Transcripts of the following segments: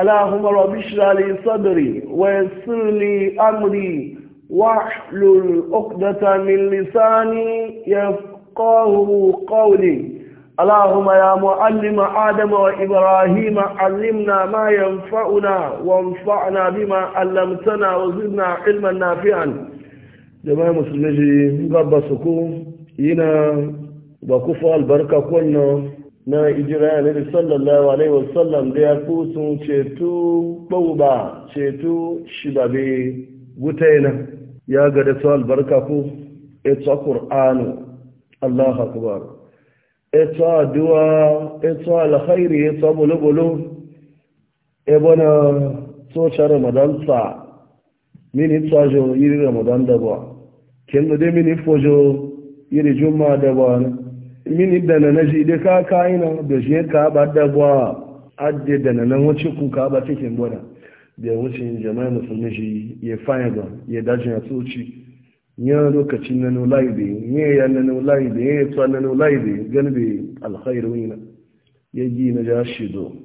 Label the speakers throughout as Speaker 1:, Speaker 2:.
Speaker 1: اللهم رب اشرح لي صدري ويسر لي امري واحلل عقدة من لساني يفقه قولي اللهم يا معلم آدم وإبراهيم علمنا ما ينفعنا وانفعنا بما علمتنا وزدنا علما نافعا جماعة مسلمين رب سكون هنا وكفى البركة كلنا na ijira ne da sallallahu alaihi wasallam da ya ku sun ceto ɓauba ceto shi ba bai wuta na ya ga da su albarka ku ita ƙur'anu allah akbar ita addu'a ita alkhairi ita bulubulu ebona socha ramadan sa mini tsajo yiri ramadan da ba kin da mini fojo yiri juma da ba mini da na naji da ka kaina da shi ka ba da gwa adde da na nan wuce ku ka ba cikin gwada da wucin jama'a musulmi shi ya fanya ba ya daji na tsoci ya lokacin na nulayi da ya ya nan nulayi da ya tsa nan nulayi da galibi alkhairu ina ya ji na ja shi do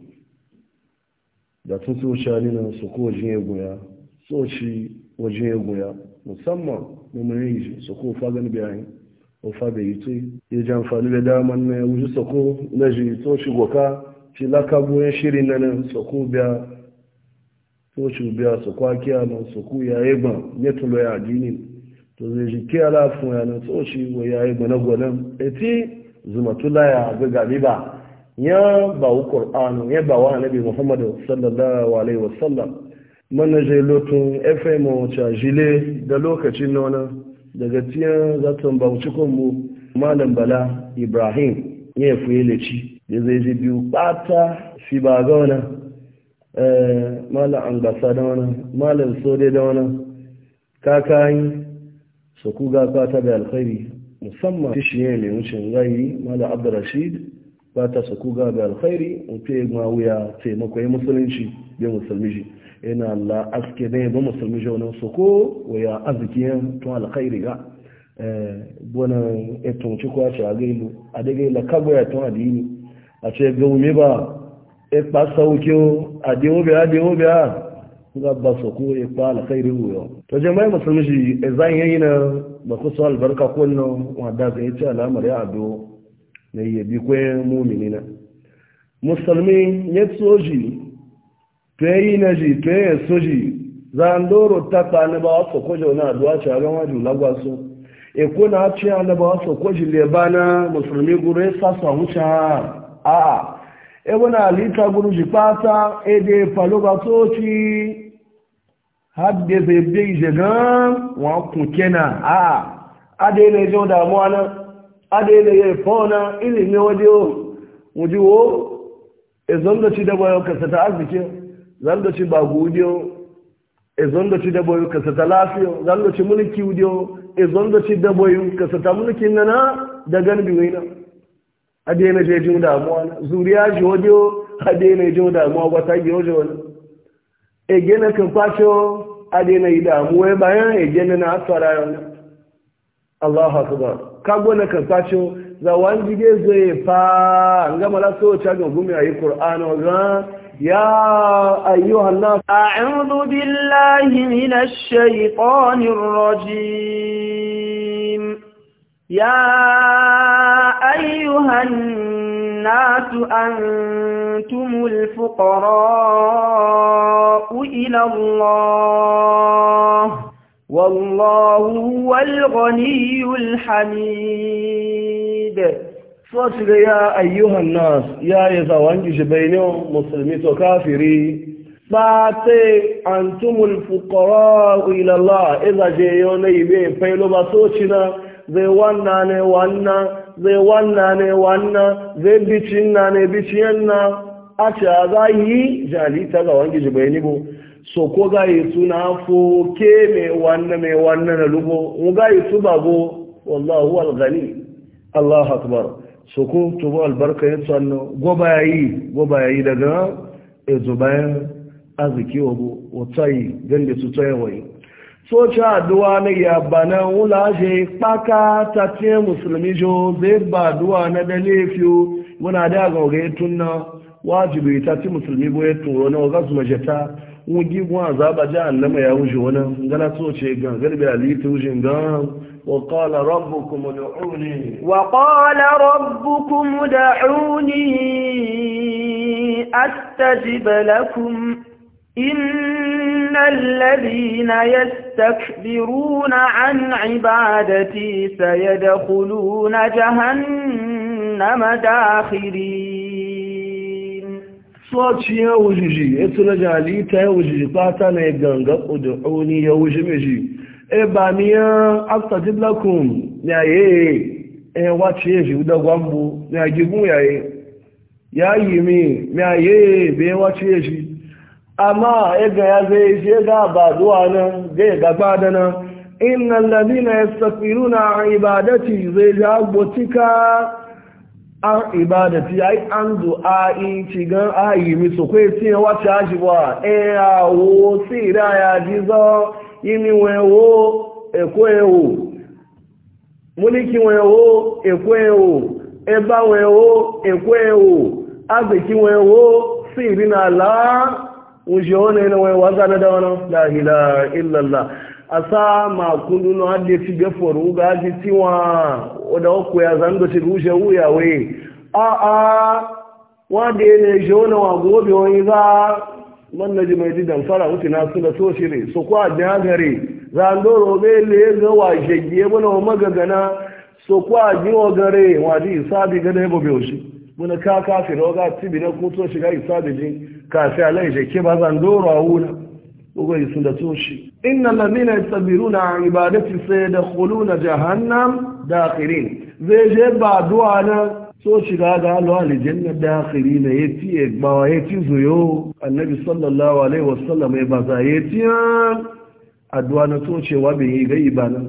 Speaker 1: da tun tsoci ne na su ko wajen ya goya tsoci wajen ya goya musamman mu mai yi su ko fagen bayan ofa bai yi tui ya ji amfani da daman na wuji sako na ji to shi goka shi lakabu ya shiri na nan sako biya to shi biya sako akiya na sako ya yi ba ya tulo ya adini to zai ji kiya lafin ya na to shi wa ya yi ba na eti zumatula ya ga gabi ba ya ba wu qur'anu ya ba wa annabi muhammadu sallallahu alaihi wasallam mana je lotun fm cha jile da lokacin nonan daga cikin zaton ba mu malam bala ibrahim ya fuye ci. da zai ji biyu bata fi ba ga wani eh, malam angasa da malam sode da wani kakayi su ga bata da alkhairi musamman shi ne mai wucin gari malam abdurrashid bata su ga da alkhairi mutu ya gma wuya taimakon musulunci bai musulmi ina la aske ne ba musulmi jaunin su ko waya arzikin tun alkhairi ga eh, bona etun ci ko ci agailu a daga ila kagbo ya tun adini a ce ga ume ba e pa sauke o adewo be adewo be ga ba su ko e pa alkhairi yo to jama'i musulmi shi e zan yi na ba ku so albarka ko wa da zai ci alamar ya ado na yi bi ko mu'minina musulmi ne soji pẹ́yí na jì pẹ́yẹ̀ sójì zandoro tata níbà wá sọ̀kọ́ jẹ́ a rán wájú lágbàsọ èkó náà na a níbà wá sọ̀kọ́ jì lè bá a ebe na alita gúrú jì pátá èdè palóba ci ti haddebe bí ìṣẹ̀ a adé ilé jẹun dààmú aná adé ilé yẹ fọ́ọ̀nà ilé ní zandoci ba gudiyo e zondoci daboyu ka sata lafiyo zandoci mulki udiyo e zondoci daboyu ka ta mulki nana da ganbi wina adena je jin damuwa e na zuriya ji adena je daina da damuwa ba ta gi waje e gena kan pacho a ida yi damuwa baya e gena na asara yau Allahu akbar kago na kan pacho za wani gige zo fa ngama la so cha go gumi ayi qur'ano ga يا أيها الناس أعوذ بالله من
Speaker 2: الشيطان الرجيم يا أيها الناس أنتم الفقراء إلى الله
Speaker 1: والله هو الغني الحميد so da ya ayyuhan nas ya yi zawon bai bainin musulmi to kafiri ba te an tumul fukara ilalla iza je yau na ibe failo ba so na, zai wanna ne wanna zai wanna ne wanna zai bicin na ne biciyan na a ce a za yi jalita ga wangi jibai ni bu so ko ga yi suna fo ke mai wanna me wanna na lubo mu ga yi su go, wallahu alghani allah akbar soko tubo albarka ya tsanno goba yi goba yi daga ezo bayan arziki wa watsayi gande su tsaye waye so cha aduwa na ya bana wula je ta ce musulmi jo zai ba aduwa na da lefiyo muna da gaure tunna wajibi ta ci musulmi boye turo na ga wugi gwa azaba jahannama ya wuce wani gana قال ce gan garbi aliti wuce وقال ربكم ادعوني وقال ربكم ادعوني
Speaker 2: استجب لكم إن الذين يستكبرون عن عبادتي سيدخلون جهنم داخرين
Speaker 1: soci ya wujiji ya tuna jalita ya wujiji fata na ya ganga ƙudur'uni ya wuji miji e ba ni ya astajib lakum ya ye e wace ya ji da gwambu ya gigun ya ye ya yi mi ya ye be wace ya ji amma ya ga ya zai je ga ba zuwa nan ya gaba da nan innan ladina yastafiruna ibadati zai jagbotika an ibadati ai an du'a'i cigan ayi mi so kwe tin wa ti wa e a wo si ra ya dizo yimi we wo e kwe wo muliki we wo e kwe wo e ba we wo e kwe wo abe ki we wo si rina la ujione ne we wazana da wana la ilaha asa makundu no hadi fige foru gaji tiwa oda oku ya zango tiruje uya we a a wade ne jona wa gobe wani za man naji mai didan fara uti na su da toshire so kwa da gare zando be le ga wa jegiye bana wa magagana so kwa ji wa gare wa ji sabi ga da yabo e beoshi muna ka kafiro ga tibi na kuto shiga isabi ji kafi alai e jeke ba a wuna Ugai sun da toshi inna lamina yastabiruna an ibadati sayadkhuluna jahannam dakhirin zai je ba duwa na so shiga ga alwa aljanna dakhirin ya tiye gbawa ya ci zuyo annabi sallallahu alaihi wasallam ya baza ya tiya addu'a na tocewa bai yi gai ba nan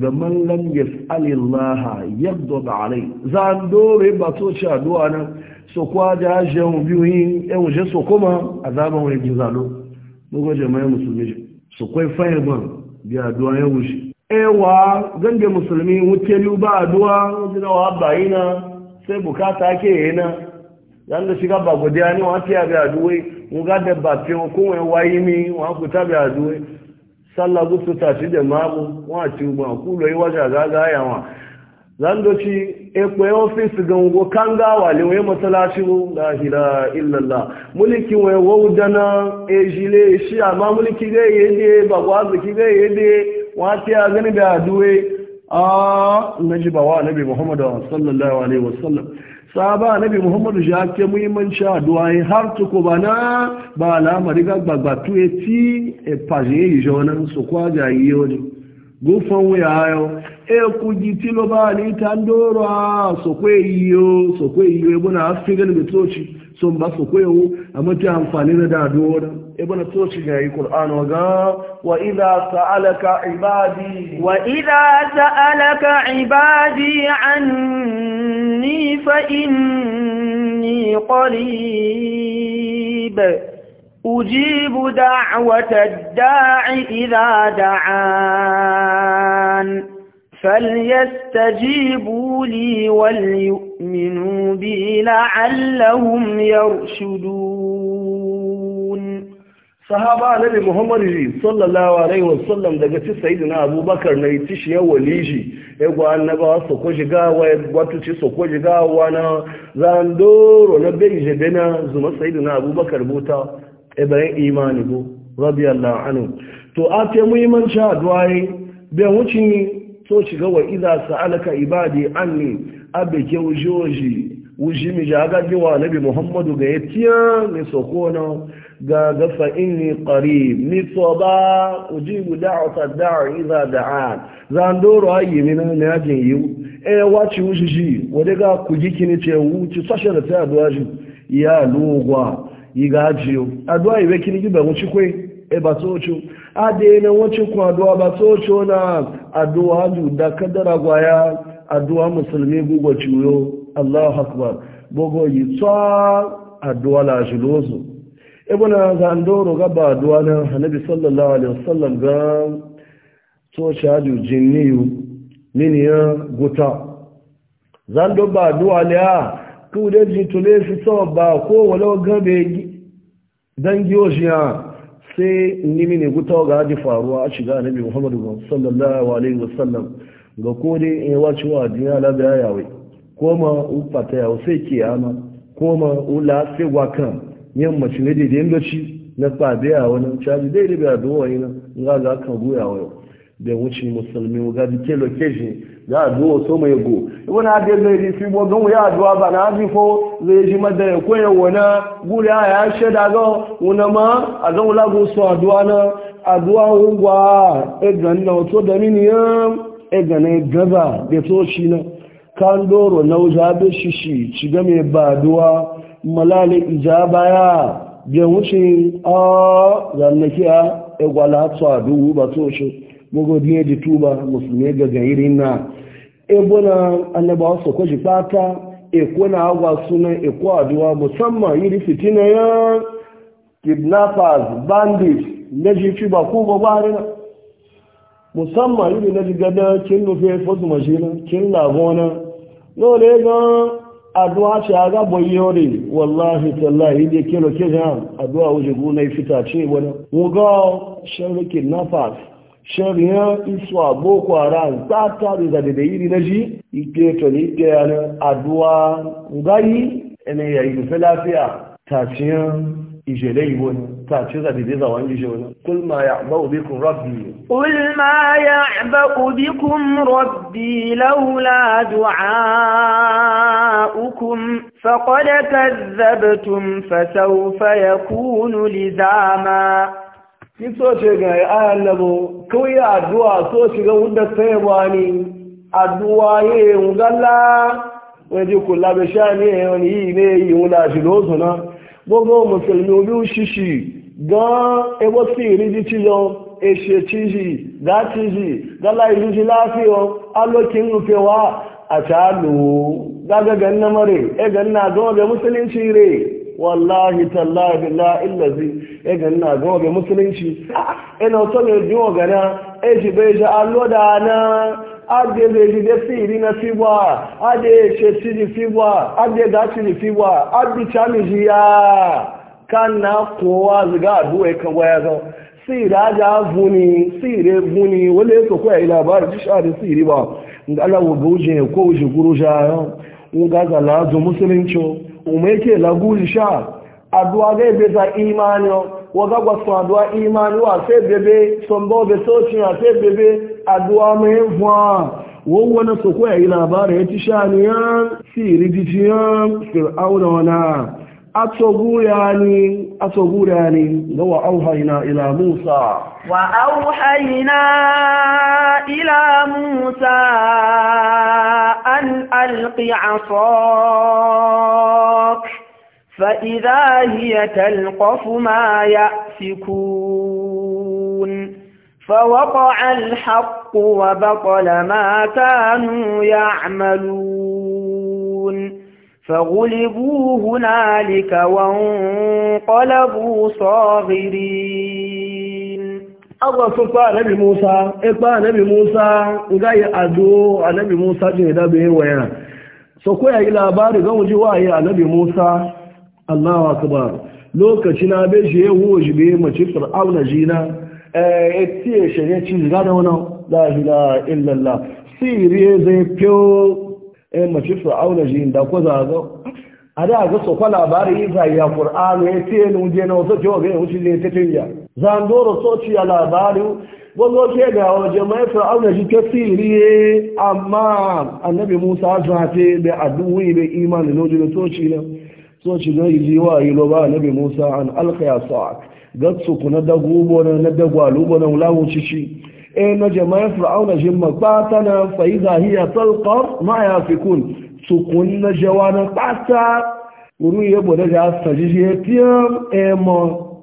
Speaker 1: ga man lam yas'alillah yaghdab alai zan dore ba toce addu'a nan so kwa da jamu biyu yin yan je so kuma azaban wani gizalo mugo jama'a musulmi su kwai fayin ban bi aduwa ya wuce ewa gange musulmi wutelu ba aduwa jira wa bayina sai bukata ke yana dan da shiga ba godiya ne wa tiya ga aduwe mu ga da ba fe ko wai wayi mi wa ku ta ga aduwe sallah gusu ta shi da mabu wa ci ba ku loyi waja ga ga yawa zandoci ekwe eh, ofis ga ngo kanga le we masalaci mu la illa allah mulki we wudana jile eh, shi amma mulki ga yede ba gwazu ki ga yede wati a gani da duwe a naji ba wa nabi muhammad sallallahu alaihi wasallam sahaba nabi muhammad ya ke muhimmanci addu'a eh, har tuko bana ba lamari ga gbagbatu eti e paje yi jona, su kwaja yi yodi gufan wuya ayo ekugi tilo ba ni tandoro a sokwe iyo sokwe iyo ebona afigan da toci sun ba sokwe yau a mata amfani na daduwa da ebona toci ga yi qur'ano ga wa idza sa'alaka ibadi wa idza sa'alaka ibadi
Speaker 2: anni fa inni qarib أجيب دعوة الداع إذا دعان فليستجيبوا لي وليؤمنوا بي لعلهم يرشدون
Speaker 1: sahaba nabi muhammad sallallahu alaihi wasallam daga ci sayyidina abubakar na yi tishi ya waliji ya gwa annaba su ko shiga wa wato ci su ko shiga wa na zandoro na bai na abubakar buta ibrahim imani bu radiyallahu anhu to a te muhimmanci addu'a bai wuce so shiga wa iza sa'alaka ibadi anni abe ke wujoji wuji mi ja ga jiwa nabi muhammadu ga yatiya mi sokona ga ga fa inni qarib mi soba ujibu da'wata da'i iza da'an zan ayi mi na na jin yi e wachi wuji wode ga kuji kini ce wuci sashe da ta duwaji ya lugwa yi ga jiyo aduwa ibe kini gibe wuci kwe e ba so chu adena wacin kuma addu'a ba so na addu'a da kadara gwaya addu'a musulmi gugu ciwo Allahu akbar bogo yi tsa addu'a la shilozo ibn zandoro gaba addu'a na annabi sallallahu alaihi wasallam ga so shaju jinniyu miniya guta zando ba addu'a la kude jitule fi so ba ko wala gabe dangiyo shi ha sai nimi ne gutawa ga haji faruwa a shiga annabi muhammadu sallallahu alaihi wasallam ga kodin in yi yawa wa duniya labiya yawai koma ma ufata yawo sai ke ko ma ula sai wakan yammaci ne daidai lokaci na fabe a wani caji daidai bai a duwa yi nan ga ga kan goya wa yau da wuce musulmi ga dike location ya aduwa so mai go ibn hadi zai ri fi bogon ya aduwa ba na ji fo zai ji madan ko ya wona gure ya ya sheda go wona ma a zan wala go so aduwa na aduwa ungwa e na to da mini ya e na ne gaba da to shi na kan doro na uja be shishi ci ga me ba aduwa malale ijaba ya bi wuce a zannakiya e gwala to aduwa ba to shi mugo ne ji tuba musulmi ga gairin na ebona annabawa su kwashi fata eko na agwa suna eko aduwa musamman yiri fitina ya kidnappers bandits na ji ci ba ko musamman iri na ji gada kin nufe fosu mashina kin labona lore ga aduwa ce a gabo yori wallahi tallahi da kilo kira aduwa wuce guna fita ce wani mugawa shan rikin nafas shari'a iswa boko haram ta tare da da iri na ji ike to ne ike yana aduwa ngayi ene ya yi fi lafiya ta ciyan ijele iwo ne ta ci zabi da zawon ije wani kul ma ya ba ubi kun rabbi
Speaker 2: kul ma ya ba ubi kun rabbi laula du'a'ukum faqad kazzabtum fasawfa
Speaker 1: yakunu lizama ki so ce ga ayan nabo kawai addu'a so shiga wanda sai wani addu'a ye ngalla waje kula be shani wani yi ne yi wula shi lozo na gbogbo musulmi bi shishi gan ebo siri di ci yo eshe ciji da ciji gala iliji lafiyo alokin rufewa a ta ga gaga ganna mare e ganna goma be musulunci re wallahi tallahi billahi illazi e ganna ga ga musulunci ina so ne jiwo gana e ji be ja allo da na ade be ji de siri na fiwa ade che siri fiwa ade da siri fiwa ade ya kana kowa ziga duwe kan waya zo sira vuni sire vuni wale so ko ai labarin ji sha da siri ba in Allah ko ji guruja in ga musulunci Umeke ke lagu sha aduwa zai beza imani waga gwasu aduwa imani wa sai bebe sombo be a sai bebe aduwa mai fwa sokwe su ila yi labari ya ci shaniyan siri jijiyan na wana أتغوراني أتغوراني لو أوحينا إلى موسى
Speaker 2: وأوحينا إلى موسى وألق عصاك فإذا هي تلقف ما يأفكون فوقع الحق وبطل ما كانوا يعملون فغلبوا هنالك وانقلبوا
Speaker 1: صاغرين agwa sun fa anabi musa e fa anabi musa ga yi ado anabi musa jin da bai waya so ko ya yi labari zan muji wa yi anabi musa allahu akbar lokaci na be je wo je be mace fir'auna jina eh etiye shege ci ga da wannan la ilaha illallah siriye zai fyo eh mace fir'auna jin da ko za ga a da ga so ko labari isa ya qur'ani ya ce ni je na wasu ce wa ga wuce je ta tinya zandoro soci ya labarin gwamno ke ga waje mai fir'auna shi ta siriye amma annabi musa zafe da addu'uyi da imani loji da soci nan soci na yi jiwa yi lo ba annabi musa an alkaya sa'ak gatsu ku na dagubo na na dagwalubo na wulawuci shi e na jama'in fir'auna shi magbata na fa'iza hiya talqar ma ya fi kun sukun na jawa na ɓata wuri ya bude da tiyam emon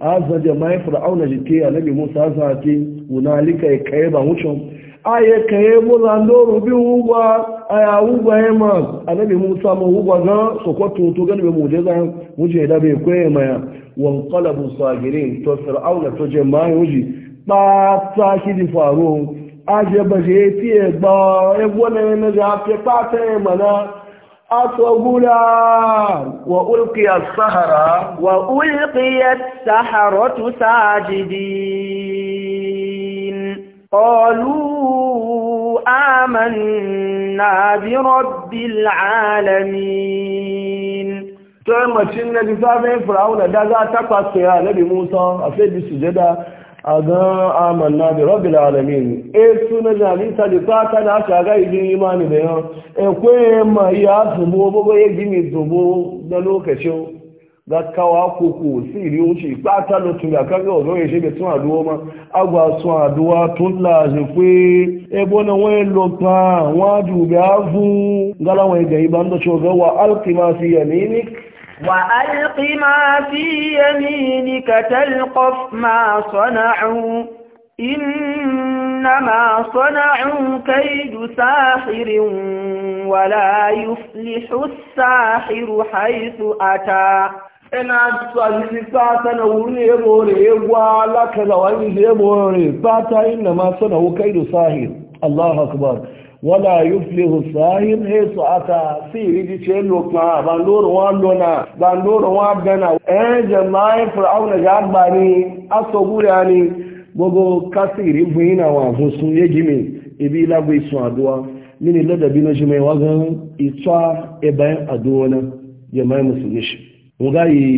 Speaker 1: azza da mai fir'auna jike annabi musa zati hunalika kai ba wucin aye kai bo zando rubi ugwa aya ugwa ema anabi musa ma ugwa na sokoto to gani be mujiza muje da be kwe ma wan qalabu sagirin to fir'auna to je mai uji ba ta shi di faru aje ba je ti e gba e wona na ja pe pa te mana أطغلان وألقي السحرة وألقي السحرة
Speaker 2: ساجدين قالوا آمنا برب
Speaker 1: العالمين تعمل شنة لفافين فرعون دازا تقصي يا نبي موسى أفيد سجدا Agan ga na bi rabbil alamin e suna jalisa da fata na aka ga idin imani da yan. e kwe ma ya zubo bobo ya gimi zubo da lokacin ga kawa koko siri wuce fata da tun ga kaga tun aduwa ma agwa sun aduwa tun la je kwe e bona wen lo pa wa ju ga fu ngala ga wa yaminik
Speaker 2: وألق ما في يمينك تلقف ما صنعوا إنما صنعوا كيد ساحر ولا يفلح الساحر حيث أتى
Speaker 1: إن أصلي ساتا نوري بوري وعلك لو أنزي بوري باتا إنما صنعوا كيد ساحر الله أكبر wọ́lá yóò fi hùsáyìn hẹ́sù àtà sí ìrídí tí ó lò kan àbándóòrò wọn lónà àbándóòrò wọn gánà ẹ̀yẹn jẹ̀mọ́ ẹ̀fọ́ àwọn ẹ̀yà àgbà asọ̀gúrẹ́ ni gbogbo kásì bu yìí náà sun yéjì mi ibi ìlàgbé sun àdúrà mini ladabi na jimai wagan itwa e bayan àdúrà na gáyìí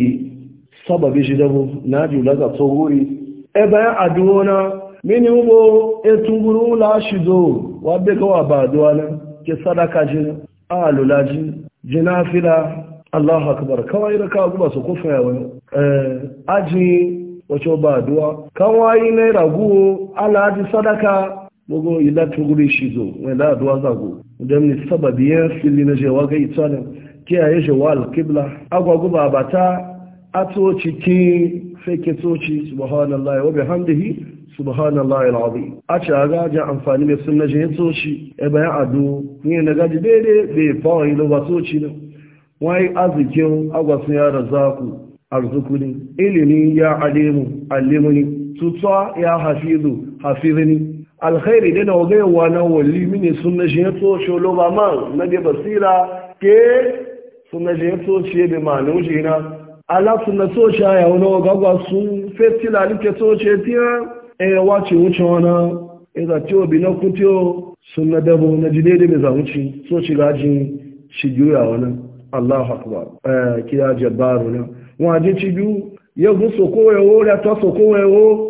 Speaker 1: sábàbí náà jù na mini ugbo etunguru ụlọ ashido wabegowa baduwala ke sadaka ji alula ji ji nafila allahu akbar kawai da kawo guba su kufa yawon aji wace baduwa kawai na ragu ala ji sadaka gbogbo ila tunguru shido wani da aduwa zago don ni sababi yan fili na jewa ga italian kiyaye jewa alkibla agwaguba bata atoci ki fake toci subhanallah wa bihamdihi subhanallah al'azim a ce a gajin amfani mai suna naje yin soci e bayan ado ne na gaji daidai bai fawon yi ba soci ne wani arzikin agwasun ya razaku arzuku ne ilimi ya alimu alimuni tutuwa ya hafizu hafizini alkhairi dai na wagaye na wali mini suna naje yin soci lo man na da basira ke suna naje yin soci bai ma na wuce na ala suna soci a yawon wagagwa sun fetila alike soci tiyan e wace wuce wani e za ciwo bi na kutiyo sun na dabo na ji mai zamuci so shi gaji shi juya wani allah akbar kira jabaru na wajen ci biyu ya gun sokowewo ya ta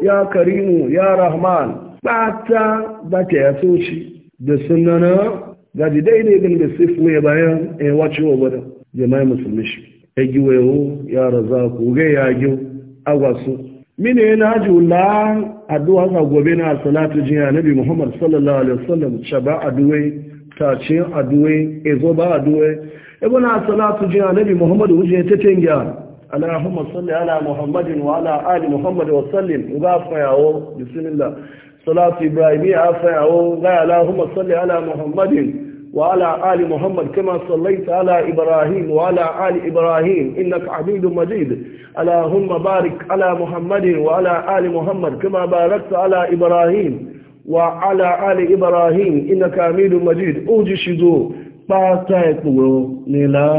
Speaker 1: ya karimu ya rahman bata ba ta ya so shi da sunana gaji daidai gan da sifu ya bayan e wace wa gwada jama'i musulmi shi ya giwewo ya raza ku ga ya giw agwasu mini na ji wula addu'a ga gobe na salatu jiya nabi muhammad sallallahu alaihi wasallam ce ba addu'e ta ce addu'e ezo ba addu'e ibn salatu jiya nabi muhammad wuje ta tengiya allahumma salli ala muhammadin wa ala ali muhammad wa sallim uga fayawo bismillah salatu ibrahimi afayawo ga allahumma salli ala muhammadin وعلى آل محمد كما صليت على إبراهيم وعلى آل إبراهيم إنك عبيد مجيد اللهم بارك على محمد وعلى آل محمد كما باركت على إبراهيم وعلى آل إبراهيم إنك عبيد مجيد أوجي شدو باتاك نلا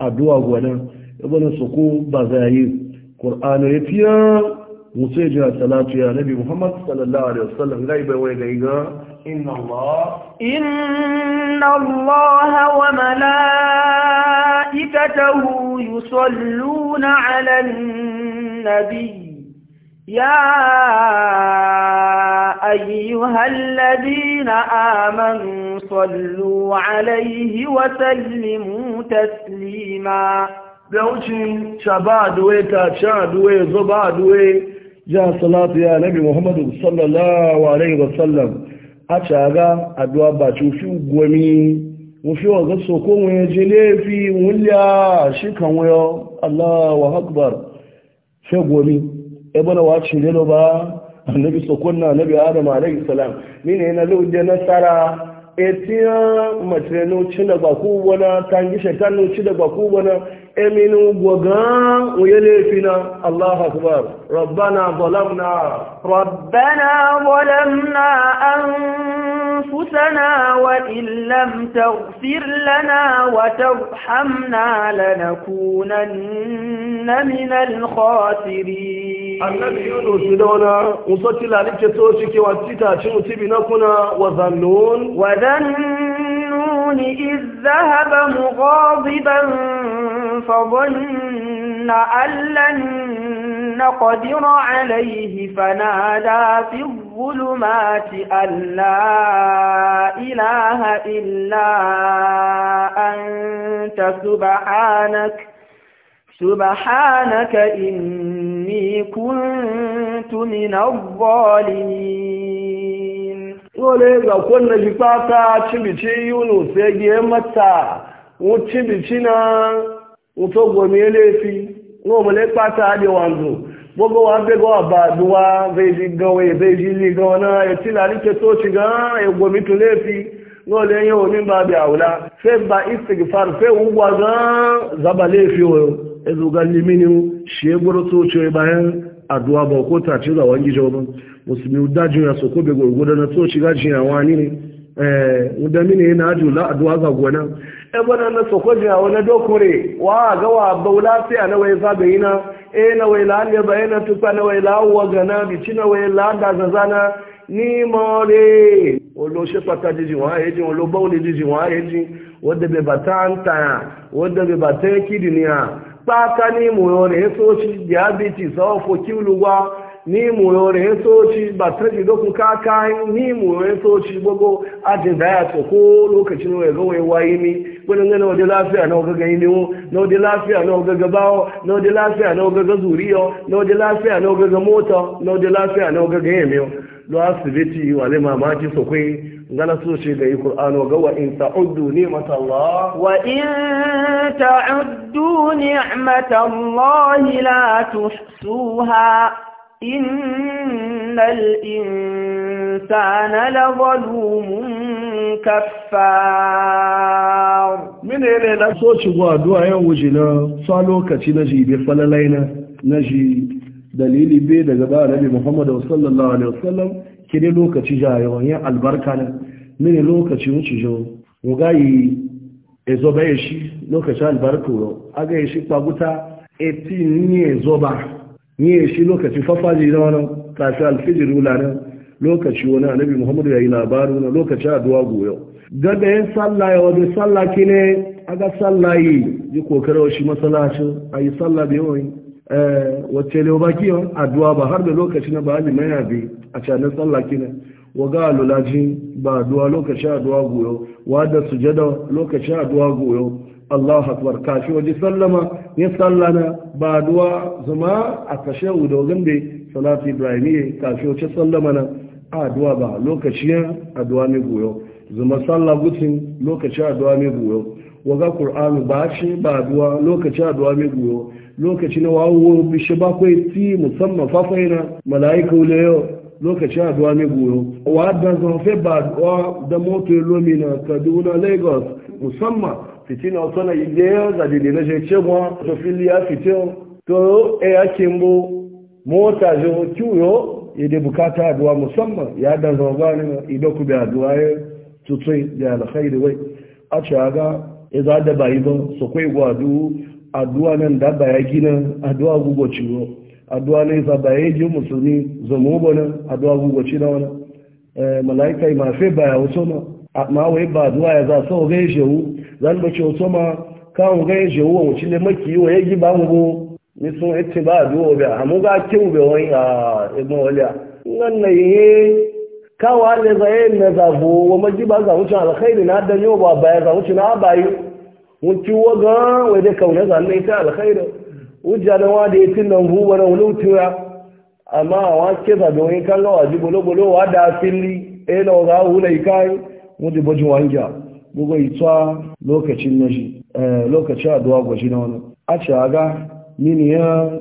Speaker 1: أدوى ونا ابن سكو بزايد قرآن يتيا مسيجة صلاة يا نبي محمد صلى الله عليه وسلم لا يبوي غيغا إن
Speaker 2: الله إن الله وملائكته يصلون على النبي يا أيها الذين آمنوا صلوا عليه وسلموا تسليما
Speaker 1: بيوشي شباد ويتا شاد ويزباد وي جاء صلاة يا نبي محمد صلى الله عليه وسلم a caga addu'a ba ci fi gomi mufi wa gaso ko mu ya je lefi wulya shi kan wayo Allah wa akbar sai gomi e bana wa ci lelo ba annabi sokonna annabi adam alayhi salam mine yana lodde nasara etiya matreno ci da ba ku wani tangi shaitan no ci da ba ku wani eminu gwagan wuyele fina Allah akbar rabbana zalamna rabbana
Speaker 2: zalamna
Speaker 1: anfusana
Speaker 2: wa illam taghfir lana wa tarhamna
Speaker 1: lanakunanna minal khasirin annabi yunus dona usatila liketo shike wa tita cin tibina kuna wa zannun wa zannun الجنون إذ ذهب مغاضبا
Speaker 2: فظن أن لن نقدر عليه فنادى في الظلمات أن لا إله إلا أنت سبحانك سبحانك إني كنت من الظالمين dole ga kunna
Speaker 1: ji fata cibici yunus ya giye mata cibici na wuto gome laifi noma ne fata wanzu gbogbo wa abaduwa zai ji gawa ya zai ji li na ya e tila rike to ci ga ya e gome tu laifi dole yau min ba bi ba istighfar ga zaba shi bayan ba musulmi udajin ya soko bai gwargwado na so shiga jin yawa ni ne eh, wanda mini yana jula a duwa ga gwana ebonan na soko jin yawa na dokore wa ga wa baula sai na wai zaga yi na e na wai la ne bai na tuka na wai la wa gana bici na wai la da zazana ni mọre olóṣe pàtàkì jíjìn wọ́n ayé jíjìn olóbọ́ olè jíjìn wọ́n ayé jíjìn wọ́n dẹ̀bẹ̀ bàtà ń tàyà wọ́n dẹ̀bẹ̀ bàtà ń kìdìníyà pátá ní ni muyo da ya soci ba ta ji dokun kaka ni muyo ya soci gogo ajin da ya so ko lokacin ya ga wai wayi ni gudun gana wajen lafiya na wajen na lafiya na na lafiya na na lafiya na mota na lafiya na asibiti wale mamaki so ngana so ga yi qur'ano ga wa in ta'uddu matalla?
Speaker 2: wa in ta'uddu yi la tuhsuha إن الإنسان لظلوم
Speaker 1: كفار من هنا لا سوشي غادو أيام وجنا صالو كتي نجي بفلالينا نجي dalili bai daga ba nabi muhammadu sallallahu alaihi wasallam kire lokaci jayawan ya albarka ne mini lokaci wuce jo mugayi ezoba ya shi lokaci albarka ro aga ya shi kwaguta 18 e ne ezoba ni shi lokaci fafaji na wani tafi alfijir wulanin lokaci wani annabi muhammadu ya yi labaru na lokaci a duwa goyo gada yin sallah ya sallaki sallah ki ne a ga sallah yi yi kokarar shi masalacin a yi sallah da yawon eh, wacce lewa baki a duwa ba har da lokaci na bayani mai yabi a canin sallah ki ne waga lulaji ba duwa lokaci a duwa goyo wadda sujada lokaci a duwa goyo Allah akwar kashi waje sallama ya sallana ba duwa zama a kashe da da salatu ya kashi wace sallama na a duwa ba lokacin aduwa mai goyo zama salla gutsin lokaci aduwa mai goyo waga Kur'an ba shi ba duwa Lokaci aduwa mai goyo lokaci na wawo bishi bakwai ti musamman na mala'ika yau Lokaci aduwa mai goyo wa da zama fe ba da moto lomi na kaduna lagos musamman fitina o na ìgbé za ló ṣe ṣe wọn tó fi lè fìtí ọ tó ẹ̀yà kí n bó mọ́ta ṣe bukata adwa musamman ya dáná zogani ido ìdọ́kùbẹ̀ adwa yẹ tutu da la wai we achaga aga e za da bayi so kwe gwa adu. adwa nan da baya gina àdúwà gugu ciwo àdúwà nan za baya ji musulmi zo ba nan adwa gugo ci na e, malaika ma fe baya wasu ma ma wai ba adwa ya za so gaishe wu zan ce wato ma kawo ga yaje wa wuce le maki wa yaji ba mu go ni sun ette ba do ga amu ga ke u be wani a ibn waliya nan ne ye ne le zaye na za go wa maji ba za wucin alkhairi na da yo ba ba za wucin na ba yi mun ci wa ga wai da kauna za ne ta alkhairi wujja da wa da yitin nan huwa na wulutuwa amma wa ke za do yin kan ga wajibi bolo bolo wa da fili eh na ga hula yi mu di bojin wanja yi ita lokacin na shi eh, lokacin aduwa gwaji na wani a ce aga mini ya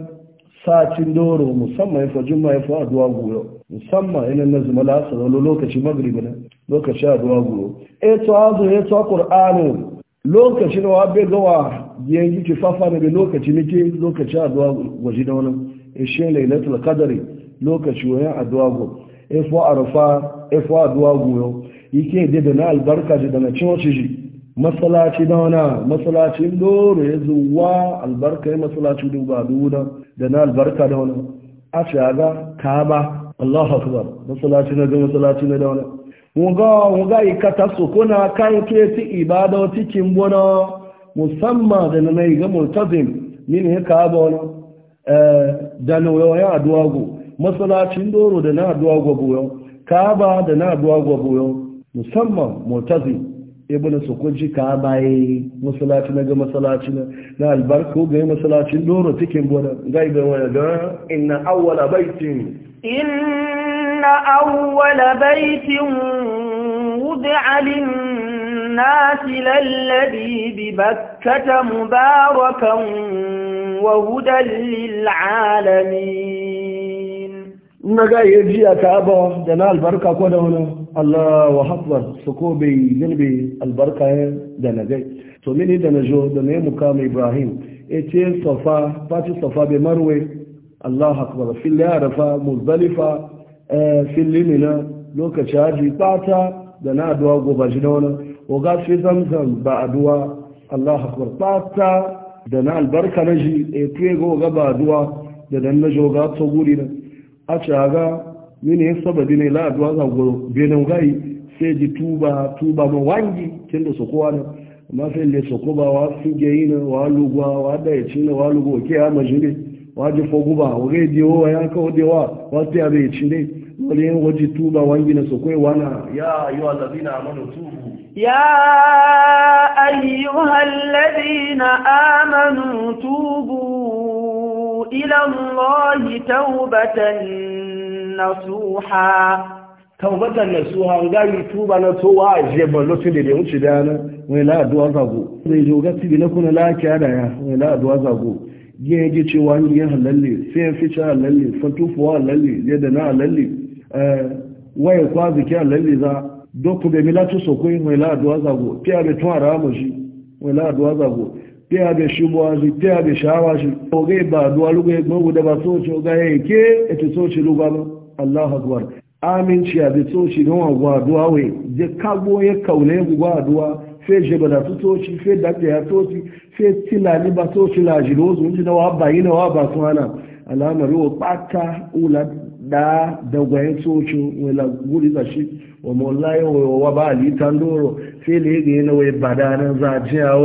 Speaker 1: satin doro musamman ya fajin ma ya fi aduwa goyo musamman ina na zama lasa wani lokacin magribi na lokacin aduwa goyo e eto azu eto qur'anu lokacin wa be gawa yanzu ki fafa ne lokacin nike lokacin aduwa gwaji na wani ishe e lailatul qadri lokacin wayan aduwa goyo efo arfa efo aduwa goyo yake da da na albarka da na cinwaci ji masalaci da wana masalacin doro ya zuwa albarka ya masalaci duba duna da na albarka da wana a shaga kaba Allah akbar masalaci na da masalaci na da wana wuga wuga ikata sokona kan ke ti ibada cikin bona musamman da na mai ga multazim min ya kaba wana eh, da na wayan aduwa masalacin doro da na aduwa gwabuyo kaba da na aduwa gwabuyo musamman mutazi ibn sukunci kaba yi masalaci na ga masalaci na albarka ga yi masalacin doro cikin gona gaibe wani ga inna awwala baitin
Speaker 2: inna awwala baitin وضع للناس للذي ببكة مباركا
Speaker 1: وهدى للعالمين na ga iya jiya ta aba da na albarka ko da wani Allah wa haɓar su ko bai girbe albarka da na gai to mini da na jo da na yi mukama ibrahim ya ce sofa fati sofa bai marwe Allah haɓar fili arafa muzdalifa eh, fili mina lokaci haji fata da na aduwa gobe shi da wani oga fi zamzam ba aduwa Allah haɓar fata da na albarka na ji ya tuye gobe ba aduwa da dan na jo ga to guri na a caga mini sababi ne la'aduwa za goro benin gai sai ji tuba tuba ma wangi kin da sokowa ne amma sai le sokoba wa fige yi na wa lugwa wa da ya ci na wa lugwa ke ya majire wa ji ba wa ge di wa ya o da wa wa sai ya bai ci ne wani yin waje tuba wangi na sokoi wana ya yi wa labina amanu tubu
Speaker 2: ya ayyuhal ladina amanu tubu إلى الله توبة نصوحا توبة نصوحا
Speaker 1: قال يتوبة نصوحا جيبا لسي دي يمشي ولا أدوى زغو ريجوغا تبي لكونا لا كانا يا ولا أدوى زغو gehen ji cewa ni ya halalle fiye fice halalle fatufuwa halalle da na halalle waye kwa ziki halalle za doku bai milatu sokoi mai la'aduwa zago fiye bai tun haramu shi mai la'aduwa zago te abe shubwa shi te abe shawa shi oge ba duwa lugu ya gbogu da ba soci oga ya yake eto soci lugu ba Allah akbar aminci abe soci don wa gwa duwa we je kagbo ya su soci ya soci ba soci na na hana alamar ruwa ula da dagwayen soci wa wa ba je a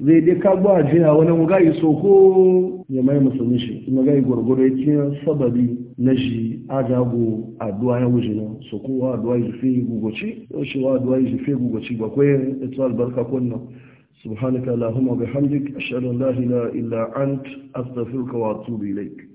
Speaker 1: zai dai kagu a jiya wani mugayi soko ya mai masu nishi mugayi gwargwaro yake sababi na shi agago addu'a ya wuce na soko wa addu'a yi fi gugoci yaushe wa addu'a yi fi gugoci ba kwaye ito albarka kunna subhanaka allahumma bihamdik ashhadu an la ilaha illa ant astaghfiruka wa atubu ilaik